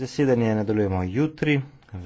Zasedanje nadaljujemo jutri v